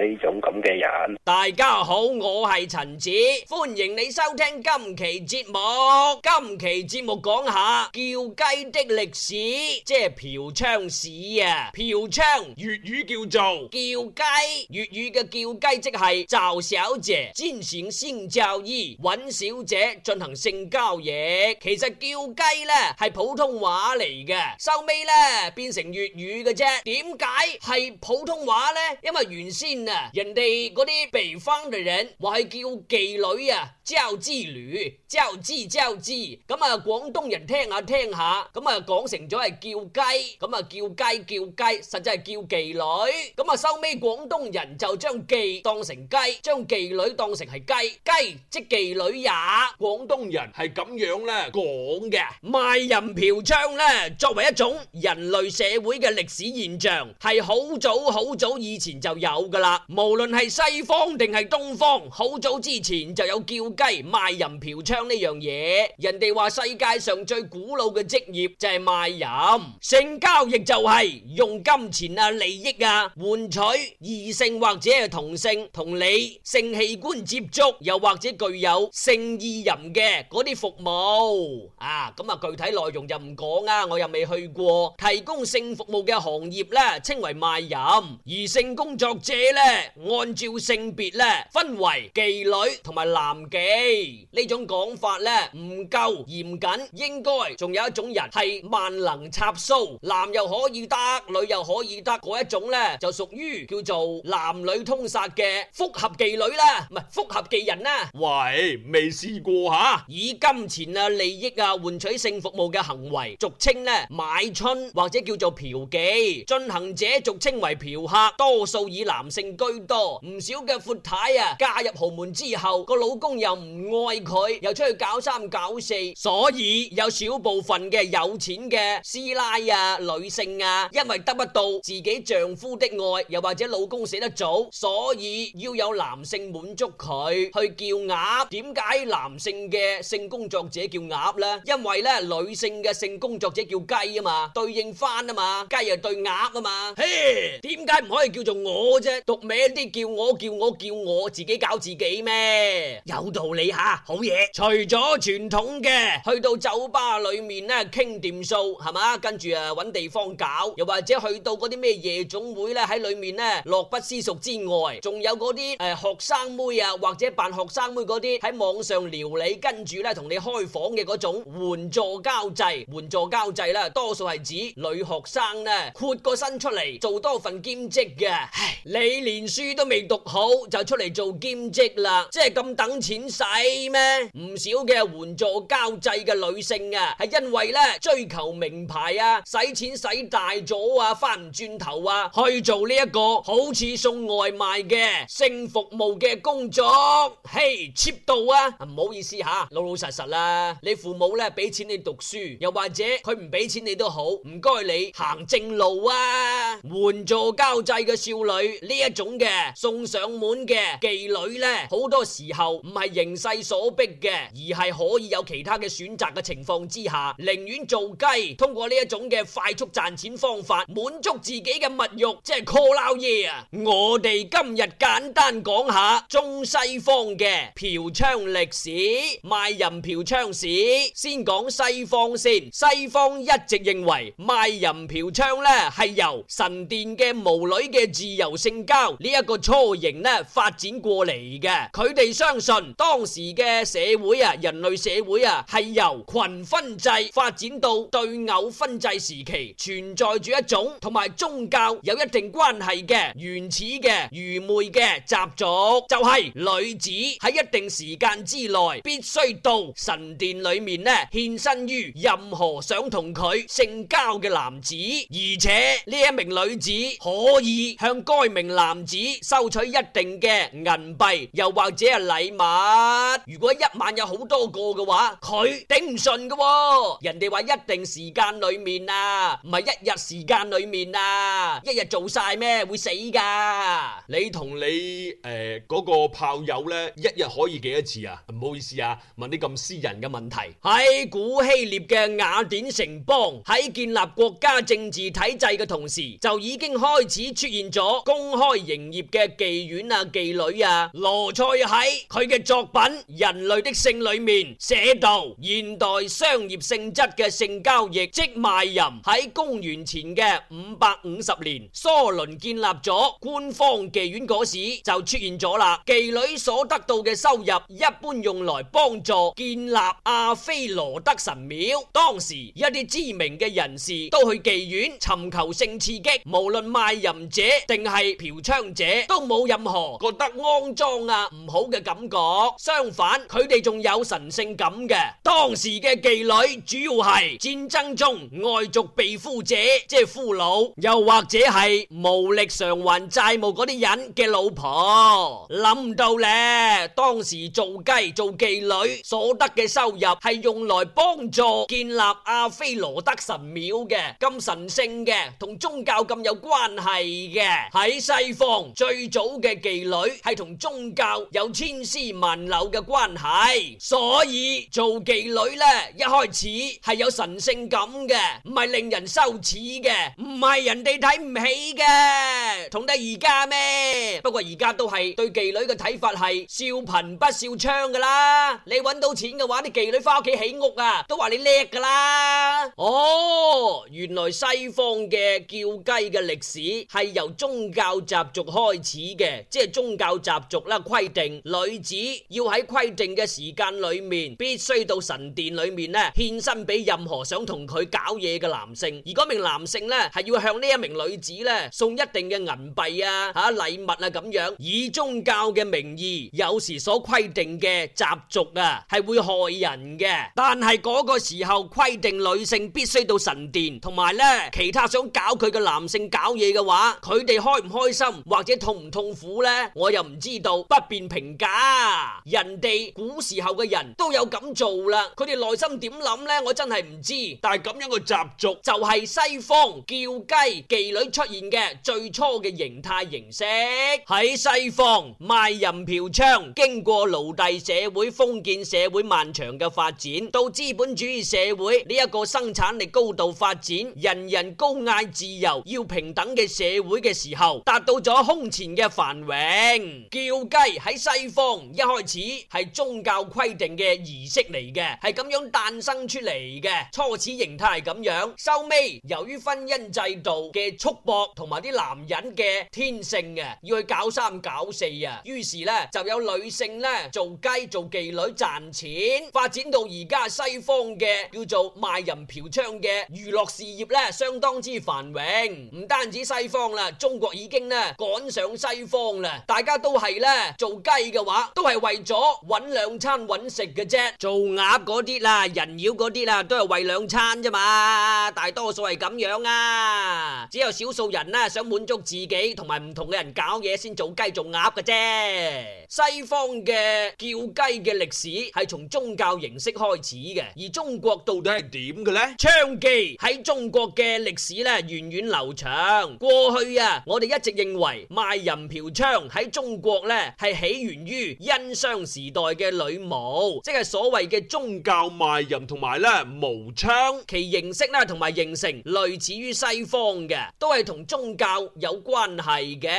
呢種咁嘅人，大家好，我係陳子，歡迎你收聽今期節目。今期節目講下叫雞的歷史，即係嫖娼史啊！嫖娼粵語叫做叫雞，粵語嘅叫雞即係找小姐進行性交易，搵小姐進行性交易。其實叫雞呢係普通話嚟嘅，收尾呢變成粵語嘅啫。點解係普通話呢？因為原先。人哋嗰啲北方嘅人，話係叫妓女啊，叫妓女，叫妓，叫妓。咁啊，廣東人聽下聽下，咁啊講成咗係叫雞，咁啊叫雞叫雞，實際係叫妓女。咁啊，收尾廣東人就將妓當成雞，將妓女當成係雞，雞即妓女也。廣東人係咁樣咧講嘅。賣淫嫖娼咧，作為一種人類社會嘅歷史現象，係好早好早以前就有噶啦。無論係西方定係東方，好早之前就有叫雞賣淫嫖娼呢樣嘢。人哋話世界上最古老嘅職業就係賣淫，性交易就係用金錢啊、利益啊換取異性或者係同性同你性器官接觸，又或者具有性意淫嘅嗰啲服務。啊，咁啊，具體內容就唔講啦，我又未去過。提供性服務嘅行業咧，稱為賣淫，而性工作者咧。按照性別咧，分為妓女同埋男妓。呢種講法咧，唔夠嚴謹，應該仲有一種人係萬能插蘇，男又可以得，女又可以得嗰一種咧，就屬於叫做男女通殺嘅複合妓女啦，唔係複合妓人啦。喂，未試過吓？以金錢啊、利益啊換取性服務嘅行為，俗稱咧買春或者叫做嫖妓，進行者俗稱為嫖客，多數以男性，居多，唔少嘅闊太啊，嫁入豪門之後，個老公又唔愛佢，又出去搞三搞四，所以有少部分嘅有錢嘅師奶啊、女性啊，因為得不到自己丈夫的愛，又或者老公死得早，所以要有男性滿足佢去叫鴨。點解男性嘅性工作者叫鴨咧？因為咧，女性嘅性工作者叫雞啊嘛，對應翻啊嘛，雞又對鴨啊嘛，嘿，點解唔可以叫做我啫？獨咩啲叫我叫我叫我自己搞自己咩？有道理吓，好嘢。除咗傳統嘅去到酒吧裏面咧傾掂數係嘛，跟住啊搵地方搞，又或者去到嗰啲咩夜總會咧喺裏面咧樂不思蜀之外，仲有嗰啲誒學生妹啊或者扮學生妹嗰啲喺網上撩你，跟住咧同你開房嘅嗰種援助交際，援助交際咧，多數係指女學生咧豁個身出嚟做多份兼職嘅。唉，你。連書都未讀好就出嚟做兼職啦，即係咁等錢使咩？唔少嘅援助交際嘅女性啊，係因為咧追求名牌啊，使錢使大咗啊，翻唔轉頭啊，去做呢、這、一個好似送外賣嘅性服務嘅工作，嘿、hey，cheap 到啊！唔好意思吓、啊，老老實實啦，你父母咧俾錢你讀書，又或者佢唔俾錢你都好，唔該你行正路啊！援助交際嘅少女呢一。種嘅送上門嘅妓女呢，好多時候唔係形勢所逼嘅，而係可以有其他嘅選擇嘅情況之下，寧願做雞。通過呢一種嘅快速賺錢方法，滿足自己嘅物慾，即係 call 撈嘢啊！我哋今日簡單講下中西方嘅嫖娼歷史，賣淫嫖娼史。先講西方先，西方一直認為賣淫嫖娼呢，係由神殿嘅巫女嘅自由性交。呢一個雛形咧發展過嚟嘅，佢哋相信當時嘅社會啊，人類社會啊係由群分制發展到對偶分制時期，存在住一種同埋宗教有一定關係嘅原始嘅愚昧嘅習俗，就係女子喺一定時間之內必須到神殿裏面咧獻身於任何想同佢性交嘅男子，而且呢一名女子可以向該名男。只收取一定嘅銀幣，又或者係禮物。如果一晚有好多個嘅話，佢頂唔順嘅。人哋話一定時間裏面啊，唔係一日時間裏面啊，一日做晒咩會死噶。你同你誒嗰個炮友咧，一日可以幾多次啊？唔好意思啊，問啲咁私人嘅問題。喺古希臘嘅雅典城邦喺建立國家政治體制嘅同時，就已經開始出現咗公開。營業嘅妓院啊，妓女啊，羅賽喺佢嘅作品《人類的性》裏面寫到，現代商業性質嘅性交易即賣淫，喺公元前嘅五百五十年，梭倫建立咗官方妓院嗰時就出現咗啦。妓女所得到嘅收入一般用來幫助建立阿菲羅德神廟。當時一啲知名嘅人士都去妓院尋求性刺激，無論賣淫者定係嫖。者都冇任何覺得骯髒啊唔好嘅感覺，相反佢哋仲有神聖感嘅。當時嘅妓女主要係戰爭中外族被俘者，即係俘虜，又或者係無力償還債務嗰啲人嘅老婆。諗唔到咧，當時做雞做妓女所得嘅收入係用來幫助建立阿非羅德神廟嘅，咁神聖嘅，同宗教咁有關係嘅，喺西。最早嘅妓女係同宗教有千絲萬縷嘅關係，所以做妓女呢，一開始係有神聖感嘅，唔係令人羞恥嘅，唔係人哋睇唔起嘅，同得而家咩？不過而家都係對妓女嘅睇法係笑貧不笑娼㗎喇，你搵到錢嘅話，啲妓女翻屋企起屋啊，都話你叻㗎喇。哦，原來西方嘅叫雞嘅歷史係由宗教集。逐開始嘅，即係宗教習俗啦。規定女子要喺規定嘅時間裏面，必須到神殿裏面咧獻身俾任何想同佢搞嘢嘅男性。而嗰名男性咧係要向呢一名女子咧送一定嘅銀幣啊、吓、啊、禮物啊咁樣。以宗教嘅名義，有時所規定嘅習俗啊係會害人嘅。但係嗰個時候規定女性必須到神殿，同埋咧其他想搞佢嘅男性搞嘢嘅話，佢哋開唔開心？或者痛唔痛苦咧，我又唔知道，不便評價。人哋古時候嘅人都有咁做啦，佢哋內心點諗咧，我真係唔知。但係咁樣嘅習俗就係西方叫雞妓，妓女出現嘅最初嘅形態形式。喺西方賣淫嫖娼，經過奴隸社會、封建社會漫長嘅發展，到資本主義社會呢一、這個生產力高度發展、人人高嗌自由、要平等嘅社會嘅時候，達到咗。咗空前嘅繁榮。叫雞喺西方一開始係宗教規定嘅儀式嚟嘅，係咁樣誕生出嚟嘅，初始形態係咁樣。收尾由於婚姻制度嘅束縛同埋啲男人嘅天性嘅，要去搞三搞四啊，於是咧，就有女性咧做雞做妓女賺錢，發展到而家西方嘅叫做賣淫嫖娼嘅娛樂事業咧，相當之繁榮。唔單止西方啦，中國已經咧。趕上西方啦，大家都係咧做雞嘅話，都係為咗搵兩餐搵食嘅啫。做鴨嗰啲啦，人妖嗰啲啦，都係為兩餐啫嘛。大多數係咁樣啊，只有少數人啦想滿足自己同埋唔同嘅人搞嘢先做雞做鴨嘅啫。西方嘅叫雞嘅歷史係從宗教形式開始嘅，而中國到底係點嘅咧？娼妓喺中國嘅歷史咧源遠流長。過去啊，我哋一直認為。賣淫嫖娼喺中國咧係起源於殷商時代嘅女巫，即係所謂嘅宗教賣淫同埋咧無娼，其形式咧同埋形成類似於西方嘅，都係同宗教有關係嘅。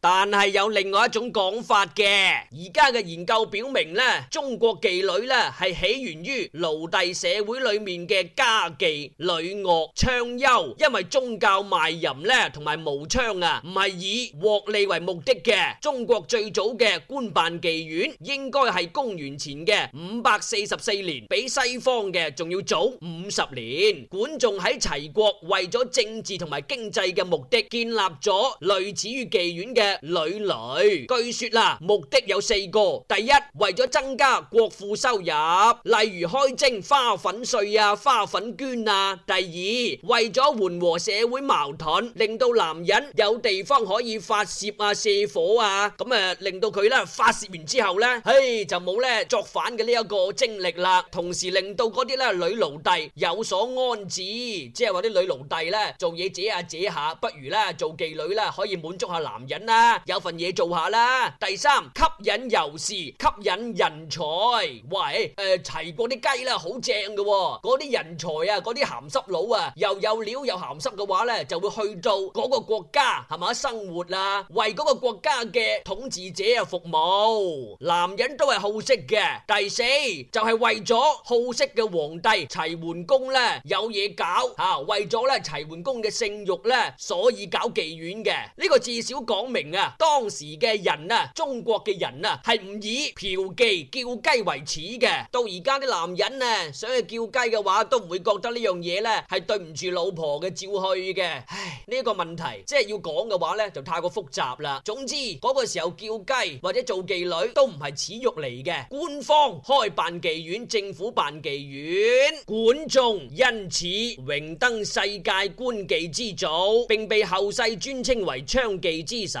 但係有另外一種講法嘅，而家嘅研究表明咧，中國妓女咧係起源於奴隸社會裏面嘅家妓、女惡、娼優，因為宗教賣淫咧同埋無娼啊，唔係以獲利為目的嘅。中國最早嘅官辦妓院，應該係公元前嘅五百四十四年，比西方嘅仲要早五十年。管仲喺齊國為咗政治同埋經濟嘅目的，建立咗類似於妓院嘅女女。據說啦，目的有四個：第一，為咗增加國庫收入，例如開徵花粉稅啊、花粉捐啊；第二，為咗緩和社會矛盾，令到男人有地方可以。以發泄啊，泄火啊，咁啊令到佢咧發泄完之後咧，嘿就冇咧作反嘅呢一個精力啦，同時令到嗰啲咧女奴隸有所安置，即係話啲女奴隸咧做嘢這下這下，不如咧做妓女啦，可以滿足下男人啦，有份嘢做下啦。第三，吸引遊士，吸引人才。喂，誒齊國啲雞啦，好正嘅，嗰啲人才啊，嗰啲鹹濕佬啊，又有料又鹹濕嘅話咧，就會去到嗰個國家，係咪生活。活啦，為嗰個國家嘅統治者啊服務，男人都係好色嘅。第四就係、是、為咗好色嘅皇帝齊桓公咧有嘢搞吓、啊，為咗咧齊桓公嘅性欲咧，所以搞妓院嘅。呢、這個至少講明啊，當時嘅人啊，中國嘅人啊係唔以嫖妓叫雞為恥嘅。到而家啲男人啊想去叫雞嘅話，都唔會覺得呢樣嘢咧係對唔住老婆嘅，照去嘅。唉，呢、這個問題即係要講嘅話咧就。太過複雜啦。總之嗰個時候叫雞或者做妓女都唔係恥辱嚟嘅。官方開辦妓院，政府辦妓院，管仲因此榮登世界官妓之祖，並被後世尊稱為娼妓之神。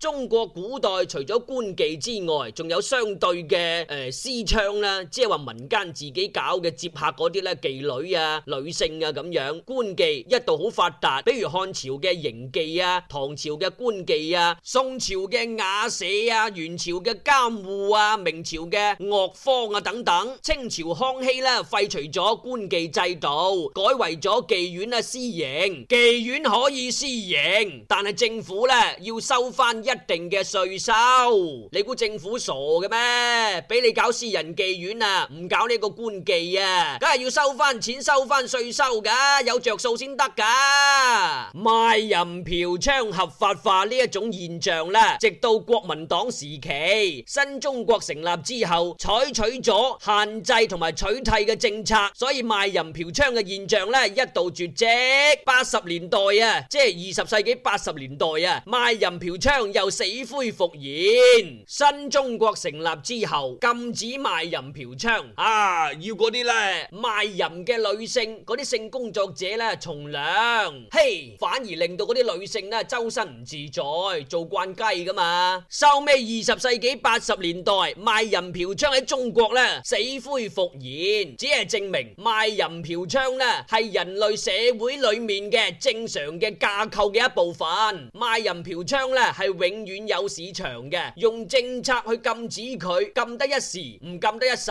中國古代除咗官妓之外，仲有相對嘅誒私娼啦，即係話民間自己搞嘅接客嗰啲咧，妓女啊、女性啊咁樣。官妓一度好發達，比如漢朝嘅營妓啊，唐朝嘅官。官妓啊，宋朝嘅瓦舍啊，元朝嘅監護啊，明朝嘅樂坊啊等等，清朝康熙咧廢除咗官妓制度，改為咗妓院啊私營。妓院可以私營，但係政府咧要收翻一定嘅稅收。你估政府傻嘅咩？俾你搞私人妓院啊，唔搞呢個官妓啊，梗係要收翻錢，收翻稅收噶，有着數先得噶。賣淫嫖娼合法化，話呢、啊、一種現象咧，直到國民黨時期，新中國成立之後，採取咗限制同埋取締嘅政策，所以賣淫嫖娼嘅現象咧一度絕迹。八十年代啊，即係二十世紀八十年代啊，賣淫嫖娼又死灰復燃。新中國成立之後，禁止賣淫嫖娼啊，要嗰啲咧賣淫嘅女性嗰啲性工作者咧從良，嘿，反而令到嗰啲女性咧周身唔自。在做慣雞噶嘛？收尾二十世紀八十年代賣淫嫖娼喺中國咧死灰復燃，只係證明賣淫嫖娼咧係人類社會裏面嘅正常嘅架構嘅一部分。賣淫嫖娼咧係永遠有市場嘅，用政策去禁止佢，禁得一時唔禁得一世，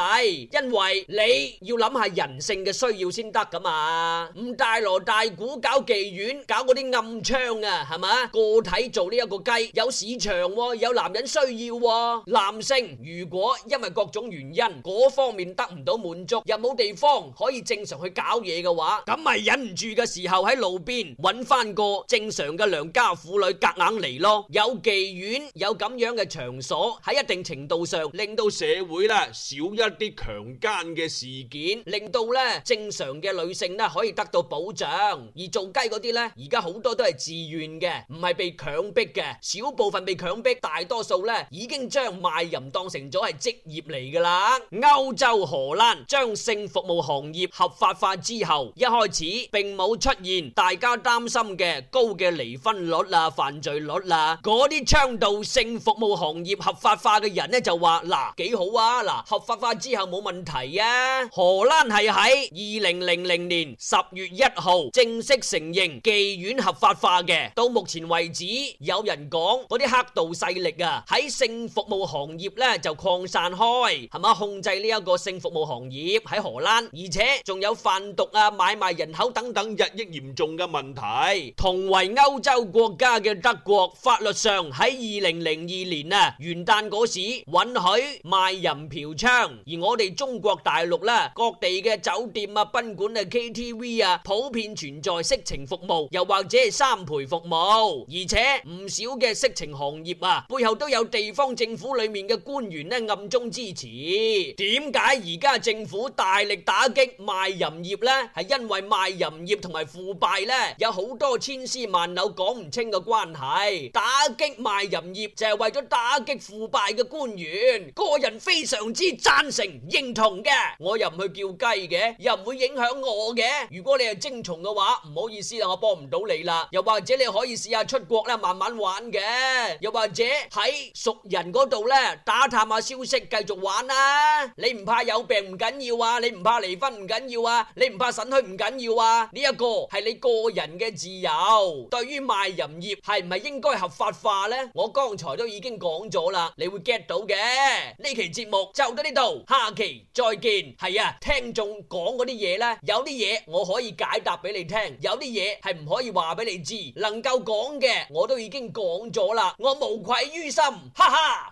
因為你要諗下人性嘅需要先得噶嘛。咁大鑼大鼓搞妓院，搞嗰啲暗娼啊，係嘛個體？做呢一個雞有市場，有男人需要。男性如果因為各種原因嗰方面得唔到滿足，又冇地方可以正常去搞嘢嘅話，咁咪忍唔住嘅時候喺路邊揾翻個正常嘅良家婦女夾硬嚟咯。有妓院有咁樣嘅場所，喺一定程度上令到社會咧少一啲強姦嘅事件，令到咧正常嘅女性咧可以得到保障。而做雞嗰啲咧，而家好多都係自願嘅，唔係被強。強逼嘅少部分被強逼，大多數咧已經將賣淫當成咗係職業嚟噶啦。歐洲荷蘭將性服務行業合法化之後，一開始並冇出現大家擔心嘅高嘅離婚率啦、犯罪率啦。嗰啲倡導性服務行業合法化嘅人咧就話嗱，幾好啊，嗱合法化之後冇問題啊。荷蘭係喺二零零零年十月一號正式承認妓院合法化嘅，到目前為止。有人講嗰啲黑道勢力啊，喺性服務行業咧就擴散開，係嘛控制呢一個性服務行業喺荷蘭，而且仲有販毒啊、買賣人口等等日益嚴重嘅問題。同為歐洲國家嘅德國，法律上喺二零零二年啊元旦嗰時允許賣淫嫖娼，而我哋中國大陸咧各地嘅酒店啊、賓館啊、KTV 啊，普遍存在色情服務，又或者係三陪服務，而且。唔少嘅色情行業啊，背後都有地方政府裏面嘅官員咧暗中支持。點解而家政府大力打擊賣淫業咧？係因為賣淫業同埋腐敗咧，有好多千絲萬縷講唔清嘅關係。打擊賣淫業就係為咗打擊腐敗嘅官員。個人非常之贊成認同嘅，我又唔去叫雞嘅，又唔會影響我嘅。如果你係精蟲嘅話，唔好意思啦，我幫唔到你啦。又或者你可以試下出國啦。慢慢玩嘅，又或者喺熟人嗰度咧打探下消息，繼續玩啦。你唔怕有病唔緊要啊，你唔怕離婚唔緊要啊，你唔怕腎虛唔緊要啊。呢一個係你個人嘅自由。對於賣淫業係唔係應該合法化咧？我剛才都已經講咗啦，你會 get 到嘅。呢期節目就到呢度，下期再見。係啊，聽眾講嗰啲嘢咧，有啲嘢我可以解答俾你聽，有啲嘢係唔可以話俾你知，能夠講嘅我。我都已經講咗啦，我無愧於心，哈哈。